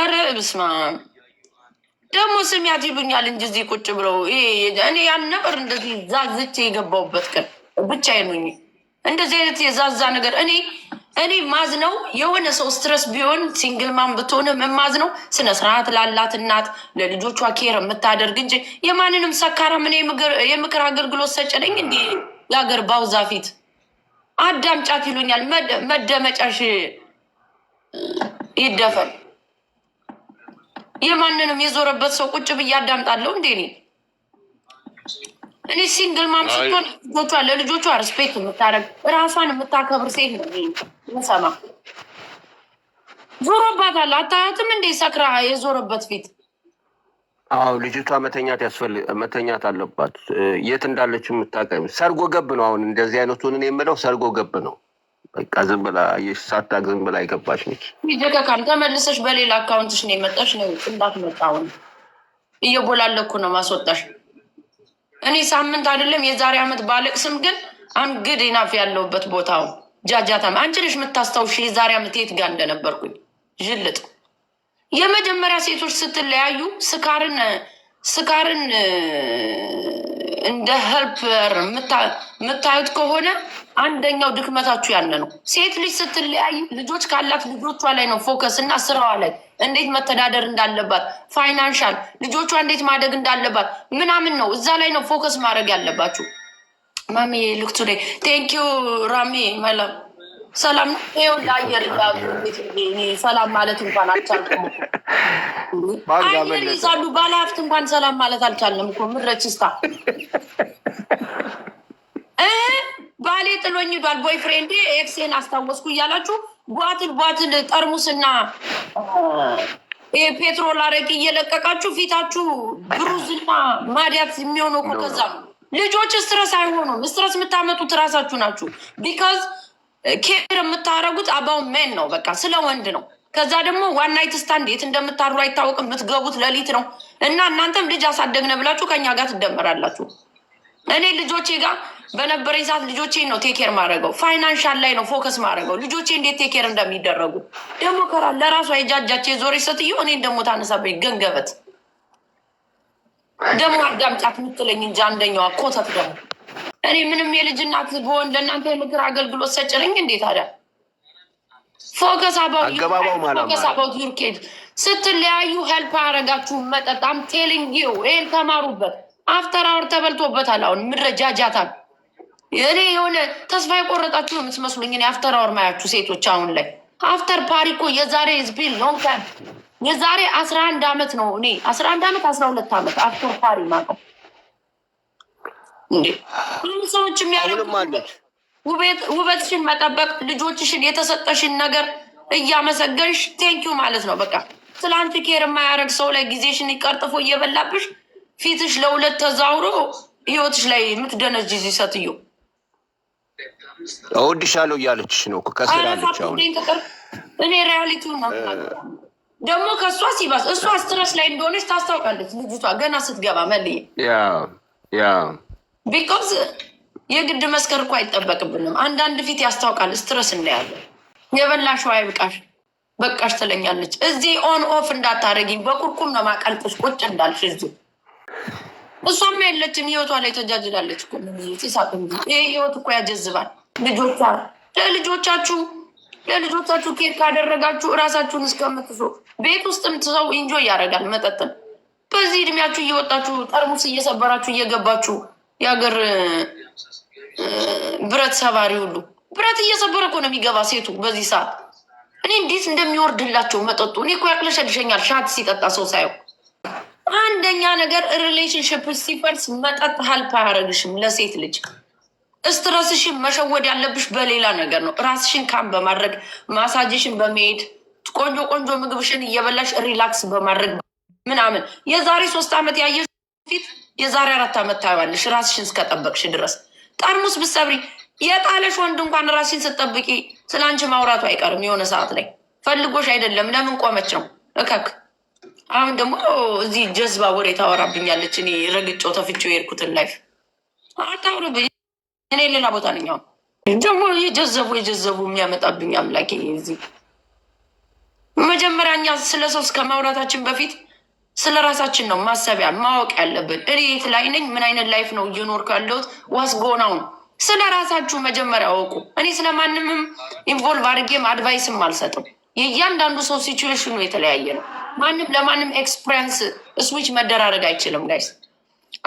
አረ ብስማ ደግሞ ስም ይሉኛል እንጂ እዚህ ቁጭ ብለው እኔ ያን ነበር እንደዚህ ዛዝቼ የገባሁበት ቀን ብቻ ሆኜ እንደዚህ አይነት የዛዛ ነገር እኔ እኔ ማዝ ነው የሆነ ሰው ስትረስ ቢሆን ሲንግል ማን ብትሆን ነው ስነ ስርዓት ላላት እናት ለልጆቿ ኬር የምታደርግ እንጂ የማንንም ሰካራ ምን የምክር አገልግሎት ሰጨነኝ እንዲ የሀገር ባውዛ ፊት አዳምጫት ይሉኛል። መደመጫሽ ይደፈን። የማንንም የዞረበት ሰው ቁጭ ብዬ አዳምጣለሁ እንዴ? እኔ እኔ ሲንግል ማም ስትሆን ልጆቿ ለልጆቿ ሪስፔክት የምታደርግ እራሷን የምታከብር ሴት ነው ምሰማ። ዞሮባታል። አታያትም እንዴ? ሰክራ የዞረበት ፊት አዎ ልጅቷ መተኛት ያስፈል መተኛት አለባት። የት እንዳለች የምታቀ ሰርጎ ገብ ነው። አሁን እንደዚህ አይነቱን እኔ የምለው ሰርጎ ገብ ነው። በቃ ዝም ብላ ሳታቅ ዝም ብላ የገባች ነች። ይደቀቃል። ተመልሰሽ በሌላ አካውንትሽ ነው የመጣሽ ነው እንዳት መጣሁን እየቦላለኩ ነው ማስወጣሽ። እኔ ሳምንት አይደለም የዛሬ ዓመት ባለቅስም ግን አንግድ ናፍ ያለውበት ቦታው ጃጃታም አንቺ ነሽ የምታስታውሽ የዛሬ ዓመት የት ጋር እንደነበርኩኝ ዥልጥ የመጀመሪያ ሴቶች ስትለያዩ ስካርን ስካርን እንደ ሄልፐር የምታዩት ከሆነ አንደኛው ድክመታችሁ ያነ ነው። ሴት ልጅ ስትለያይ ልጆች ካላት ልጆቿ ላይ ነው ፎከስ እና ስራዋ ላይ እንዴት መተዳደር እንዳለባት፣ ፋይናንሻል ልጆቿ እንዴት ማደግ እንዳለባት ምናምን ነው። እዛ ላይ ነው ፎከስ ማድረግ ያለባችሁ። ማሚ ልክቱ ላይ ቴንኪዩ ራሚ መለም ሰላም ይኸው ለአየር ሰላም ማለት እንኳን አልቻልኩም። አየር ይዛሉ ባለሀብት እንኳን ሰላም ማለት እኮ ባሌ ጥሎኝ ሄዷል፣ ኤክሴን አስታወስኩ እያላችሁ ቧትል ቧትል ጠርሙስና ፔትሮል አረቂ እየለቀቃችሁ ፊታችሁ ብሩዝና ማዲያት የሚሆነው እኮ ከዛ ነው። ልጆች ስትረስ አይሆኑም። ስትረስ የምታመጡት እራሳችሁ ናችሁ ቢካዝ ኬር የምታረጉት አባው ሜን ነው። በቃ ስለ ወንድ ነው። ከዛ ደግሞ ዋን ናይት ስታንድ የት እንደምታሩ አይታወቅም። የምትገቡት ሌሊት ነው እና እናንተም ልጅ አሳደግነ ብላችሁ ከኛ ጋር ትደመራላችሁ። እኔ ልጆቼ ጋር በነበረኝ ሰዓት ልጆቼን ነው ቴኬር ማድረገው። ፋይናንሻል ላይ ነው ፎከስ ማድረገው። ልጆቼ እንዴት ቴኬር እንደሚደረጉ ደግሞ ከራ ለራሷ የጃጃች የዞረች ሴትዮ እኔን ደግሞ ታነሳበኝ። ገንገበት ደግሞ አዳምጫት የምትለኝ እንጂ አንደኛዋ ኮተት ደግሞ እኔ ምንም የልጅ እናት ብሆን ለእናንተ የምክር አገልግሎት ሰጭ ነኝ እንዴ? ታዲያ ፎከስ አባውት ዩር ኬድ ስትለያዩ ሄልፕ አረጋችሁ መጠጥ አም ቴሊንግ ዩ ይህን ተማሩበት። አፍተር አወር ተበልቶበታል። አሁን ምድረጃጃታ እኔ የሆነ ተስፋ የቆረጣችሁ ነው የምትመስሉኝ እኔ አፍተር አወር ማያችሁ ሴቶች አሁን ላይ አፍተር ፓሪ እኮ የዛሬ ዝቢል ሎንግ ታይም የዛሬ አስራ አንድ አመት ነው እኔ አስራ አንድ አመት አስራ ሁለት አመት አፍተር ፓሪ ማቀው ሁሉም ሰዎች የሚያደርጉት ውበትሽን መጠበቅ ልጆችሽን የተሰጠሽን ነገር እያመሰገንሽ ቴንኪዩ ማለት ነው። በቃ ስለ አንቺ ኬር የማያደርግ ሰው ላይ ጊዜሽን ይቀርጥፎ እየበላብሽ ፊትሽ ለሁለት ተዛውሮ ህይወትሽ ላይ የምትደነዝዥ ሴትዮ እወድሻለሁ እያለችሽ ነው። እኔ ሪያሊቲ ደግሞ ከእሷ ሲባስ እሷ ስትረስ ላይ እንደሆነች ታስታውቃለች ልጅቷ ገና ስትገባ መልዬ ቢኮዝ የግድ መስከር እኮ አይጠበቅብንም። አንዳንድ ፊት ያስታውቃል። ስትረስ እናያለን። የበላሽው አይብቃሽ በቃሽ ትለኛለች። እዚህ ኦን ኦፍ እንዳታደረጊኝ በቁርቁም ነው ቁጭ እንዳልሽ እዚህ እሷም የለችም ህይወቷ ላይ ተጃጅላለች። ይህ ህይወት እኮ ያጀዝባል። ልጆቿ ለልጆቻችሁ ለልጆቻችሁ ኬር ካደረጋችሁ እራሳችሁን እስከምትሶ ቤት ውስጥም ሰው ኢንጆይ ያደርጋል መጠጥን በዚህ እድሜያችሁ እየወጣችሁ ጠርሙስ እየሰበራችሁ እየገባችሁ የሀገር ብረት ሰባሪ ሁሉ ብረት እየሰበረ እኮ ነው የሚገባ ሴቱ በዚህ ሰዓት። እኔ እንዴት እንደሚወርድላቸው መጠጡ። እኔ እኮ ያቅለሸልሸኛል ሻት ሲጠጣ ሰው ሳየው። አንደኛ ነገር ሪሌሽንሽፕ ሲፈርስ መጠጥ ሀልፕ አያደርግሽም ለሴት ልጅ እስትረስሽን መሸወድ ያለብሽ በሌላ ነገር ነው። ራስሽን ካም በማድረግ ማሳጅሽን በመሄድ ቆንጆ ቆንጆ ምግብሽን እየበላሽ ሪላክስ በማድረግ ምናምን የዛሬ ሶስት ዓመት ያየሽ ፊት የዛሬ አራት ዓመት ታይዋለሽ ራስሽን እስከጠበቅሽ ድረስ። ጠርሙስ ብሰብሪ የጣለሽ ወንድ እንኳን ራስሽን ስትጠብቂ ስለ አንቺ ማውራቱ አይቀርም። የሆነ ሰዓት ላይ ፈልጎሽ አይደለም። ለምን ቆመች ነው እከክ። አሁን ደግሞ እዚህ ጀዝባ ወሬ ታወራብኛለች። እኔ ረግጮ ተፍጬው የሄድኩትን ላይፍ አታውሩብኝ። እኔ ሌላ ቦታ ነኝ። ደግሞ የጀዘቡ የጀዘቡ የሚያመጣብኝ አምላኬ። እዚህ መጀመሪያ እኛ ስለ ሰው እስከ ማውራታችን በፊት ስለ ራሳችን ነው ማሰቢያ ማወቅ ያለብን። እኔ የት ላይ ነኝ? ምን አይነት ላይፍ ነው እየኖርኩ ያለሁት? ዋስጎናውን ስለ ራሳችሁ መጀመሪያ አውቁ። እኔ ማንምም ኢንቮልቭ አድርጌም አድቫይስም አልሰጥም። የእያንዳንዱ ሰው ሲችዌሽኑ የተለያየ ነው። ማንም ለማንም ኤክስፕሪንስ ስዊች መደራረግ አይችልም ጋይስ።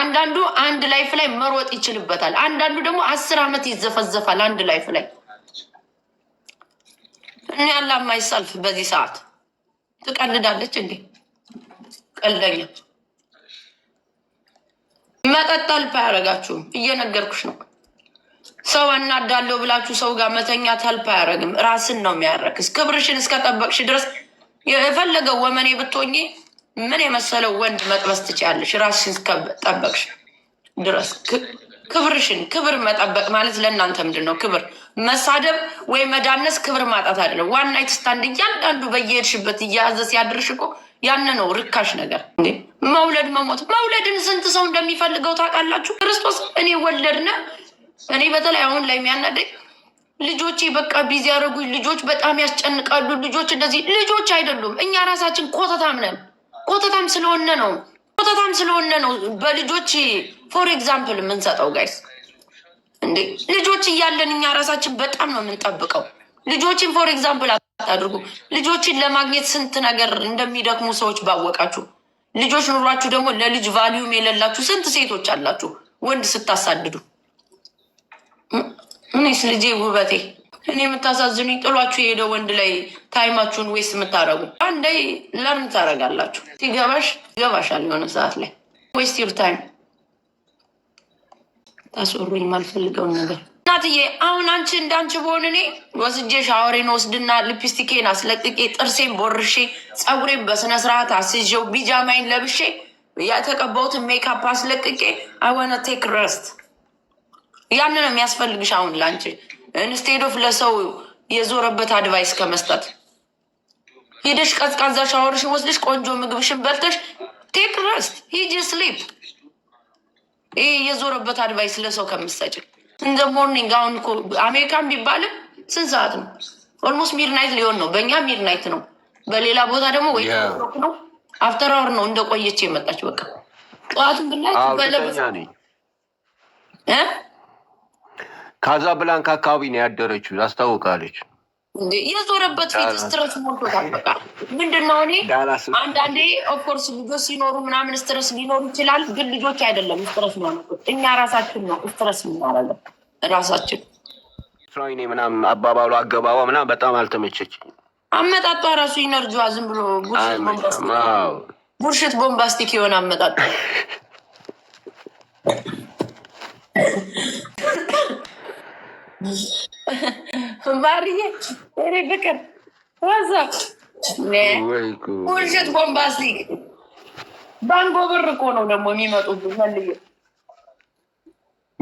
አንዳንዱ አንድ ላይፍ ላይ መሮጥ ይችልበታል። አንዳንዱ ደግሞ አስር ዓመት ይዘፈዘፋል አንድ ላይፍ ላይ እኔ ያላ ማይሰልፍ በዚህ ሰዓት ትቀልዳለች እንዴ? ቀልደኛ መቀጠል ፓ እየነገርኩሽ ነው። ሰው እናዳለው ብላችሁ ሰው ጋር መተኛ ተልፕ አያረግም። ራስን ነው የሚያረክስ። ክብርሽን እስከጠበቅሽ ድረስ የፈለገው ወመኔ ብትሆኚ ምን የመሰለው ወንድ መጥበስ ትችያለሽ። ራስሽን እስከጠበቅሽ ድረስ ክብርሽን። ክብር መጠበቅ ማለት ለእናንተ ምንድን ነው? ክብር መሳደብ ወይ መዳነስ ክብር ማጣት አይደለም። ዋና የተስታንድ እያንዳንዱ በየሄድሽበት እያያዘ ሲያድርሽ እኮ ያን ነው ርካሽ ነገር እንዴ መውለድ መሞት መውለድን ስንት ሰው እንደሚፈልገው ታውቃላችሁ ክርስቶስ እኔ ወለድነ እኔ በተለይ አሁን ላይ የሚያናደኝ ልጆቼ በቃ ቢዚ ያደረጉኝ ልጆች በጣም ያስጨንቃሉ ልጆች እንደዚህ ልጆች አይደሉም እኛ ራሳችን ኮተታም ነን ኮተታም ስለሆነ ነው ኮተታም ስለሆነ ነው በልጆች ፎር ኤግዛምፕል የምንሰጠው ጋይስ እንዴ ልጆች እያለን እኛ ራሳችን በጣም ነው የምንጠብቀው ልጆችን ፎር ኤግዛምፕል አታድርጉ። ልጆችን ለማግኘት ስንት ነገር እንደሚደክሙ ሰዎች ባወቃችሁ። ልጆች ኑሯችሁ ደግሞ ለልጅ ቫሊዩም የሌላችሁ ስንት ሴቶች አላችሁ፣ ወንድ ስታሳድዱ። እኔስ ልጄ ውበቴ፣ እኔ የምታሳዝኑኝ ጥሏችሁ የሄደ ወንድ ላይ ታይማችሁን ዌስት የምታደርጉ አንዳይ ለምን ታደርጋላችሁ? ሲገባሽ ይገባሻል የሆነ ሰዓት ላይ ዌስት ዩር ታይም ታስሩኝ ማልፈልገውን ነገር እናትዬ አሁን አንቺ እንዳንቺ በሆን እኔ ወስጄ ሻወሬን ወስድና ልፕስቲኬን አስለቅቄ ጥርሴን ቦርሼ ፀጉሬን በስነስርዓት አስይዤው ቢጃማይን ለብሼ የተቀባሁትን ሜካፕ አስለቅቄ አይወነ ቴክ ረስት ያን ነው የሚያስፈልግሽ አሁን ለአንቺ ኢንስቴድ ኦፍ ለሰው የዞረበት አድቫይስ ከመስጠት ሂደሽ ቀዝቃዛ ሻወርሽን ወስደሽ ቆንጆ ምግብሽን በልተሽ ቴክ ረስት ሂጅ ስሊፕ ይህ የዞረበት አድቫይስ ለሰው ከምትሰጭ እንደ ሞርኒንግ አሁን እኮ አሜሪካን ቢባልም ስንት ሰዓት ነው? ኦልሞስት ሚድናይት ሊሆን ነው። በእኛ ሚድናይት ነው፣ በሌላ ቦታ ደግሞ ወይ ነው አፍተር አወር ነው። እንደቆየች የመጣች በቃ ጠዋቱን ብናይ በለብሳ ካዛ ብላንክ አካባቢ ነው ያደረችው አስታውቃለች። የዞረበት ፊት ስትረስ ሞልቶታል። በቃ ምንድነው እኔ አንዳንዴ ኦፍኮርስ ልጆች ሲኖሩ ምናምን ስትረስ ሊኖሩ ይችላል፣ ግን ልጆች አይደለም ስትረስ ነው እኛ ራሳችን ነው ስትረስ ምናረገው ራሳችን ፍራይኔ ምናምን አባባሉ አገባባ ምናምን በጣም አልተመቸች። አመጣጧ ራሱ ኢነርጂዋ ዝም ብሎ ቡርሽት ቦምባስቲክ የሆነ አመጣጧ ማርዬ ሬ ፍቅር ዋዛ ቡርሽት ቦምባስቲክ ባንጎ ብር እኮ ነው ደግሞ የሚመጡብህ መልዬ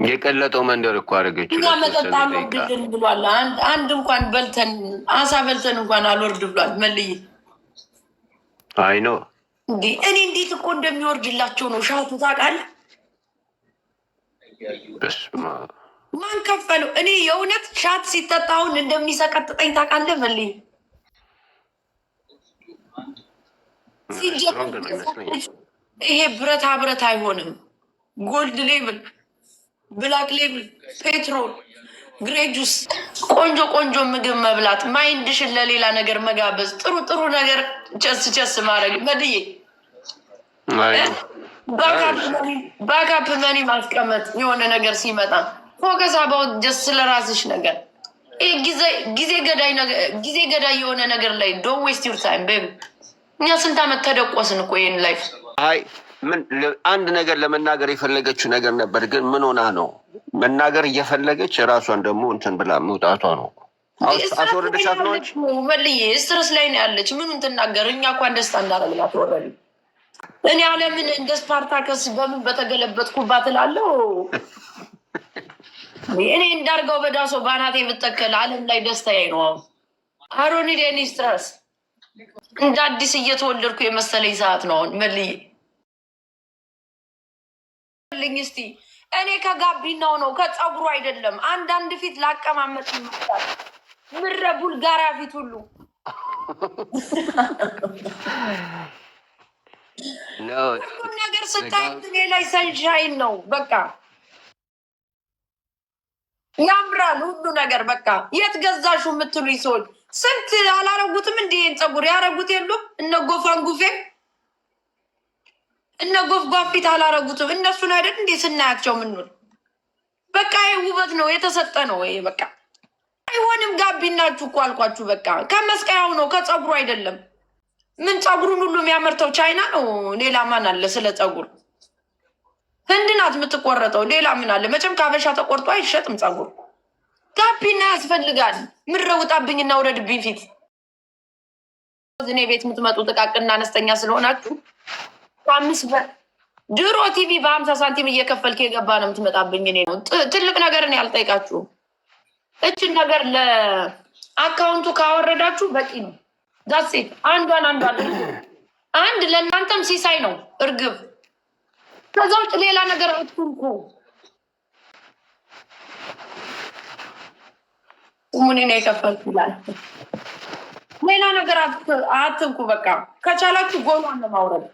የቀለጠው መንደር እኮ አደረገች። መጠጣ ብሏል። አንድ እንኳን በልተን አሳ በልተን እንኳን አልወርድ ብሏል። መልይ አይ ነው እንዲ እኔ እንዴት እኮ እንደሚወርድላቸው ነው ሻቱ ታውቃለህ። ማን ከፈለው? እኔ የእውነት ሻት ሲጠጣውን እንደሚሰቀጥጠኝ ታውቃለህ። መልይ ሲጀ ይሄ ብረታ ብረት አይሆንም ጎልድ ሌብል ብላክ ሌብል፣ ፔትሮል፣ ግሬ ጁስ፣ ቆንጆ ቆንጆ ምግብ መብላት፣ ማይንድሽን ለሌላ ነገር መጋበዝ፣ ጥሩ ጥሩ ነገር ቸስ ቸስ ማድረግ፣ መድዬ ባካፕ መኒ ማስቀመጥ፣ የሆነ ነገር ሲመጣ ፎከስ አባውት ጀስት ስለራስሽ ነገር ጊዜ ገዳይ የሆነ ነገር ላይ ዶን ዌስት ዩር ታይም ቤቢ። እኛ ስንት አመት ተደቆስን እኮ ይህን ላይፍ አይ አንድ ነገር ለመናገር የፈለገችው ነገር ነበር፣ ግን ምን ሆና ነው መናገር እየፈለገች ራሷን ደግሞ እንትን ብላ መውጣቷ ነው። አስወረደሻት ስትረስ ላይ ነው ያለች። ምኑን ትናገር? እኛ እንኳን ደስታ እንዳረግላት ወረድ እኔ አለምን እንደ ስፓርታከስ በምን በተገለበጥኩባት እላለሁ። እኔ እንዳርገው በዳሶ ባናት የምጠከል አለም ላይ ደስታ ነው። አሮኒ ስትረስ እንደ አዲስ እየተወለድኩ የመሰለኝ ሰዓት ነው መልዬ መልስልኝ እስቲ። እኔ ከጋቢናው ነው ከፀጉሩ አይደለም። አንዳንድ ፊት ላቀማመጥ ይመጣል። ምረ ቡልጋሪያ ፊት ሁሉ ሁሉም ነገር ስታይ እኔ ላይ ሰንሻይን ነው በቃ ያምራል ሁሉ ነገር በቃ የት ገዛሹ የምትሉኝ ሰዎች ስንት አላረጉትም እንዲህ ፀጉር ያረጉት የሉም እነ ጎፋን ጉፌ እነ ጎፍጓፊት አላረጉትም። እነሱን አይደል እንዴ ስናያቸው ምንል በቃ ይህ ውበት ነው የተሰጠ ነው ወይ? በቃ አይሆንም። ጋቢናችሁ እኮ አልኳችሁ። በቃ ከመስቀያው ነው ከፀጉሩ አይደለም። ምን ፀጉሩን ሁሉ የሚያመርተው ቻይና ነው። ሌላ ማን አለ? ስለ ፀጉር ህንድ ናት የምትቆረጠው። ሌላ ምን አለ? መቼም ከሀበሻ ተቆርጦ አይሸጥም ፀጉር። ጋቢና ያስፈልጋል። ምረውጣብኝና ውረድብኝ ፊት እኔ ቤት የምትመጡ ጥቃቅና አነስተኛ ስለሆናችሁ ድሮ ቲቪ በሀምሳ ሳንቲም እየከፈልክ የገባ ነው የምትመጣብኝ። እኔ ነው ትልቅ ነገር ነው ያልጠይቃችሁም። እችን ነገር ለአካውንቱ ካወረዳችሁ በቂ ነው። ዛሴ አንዷን አንዷን አንድ ለእናንተም ሲሳይ ነው እርግብ። ከዛ ውጭ ሌላ ነገር አትኩንኩ። ሙኔ ነው የከፈልኩ ይላል። ሌላ ነገር አትንኩ። በቃ ከቻላችሁ ጎኗን ለማውረድ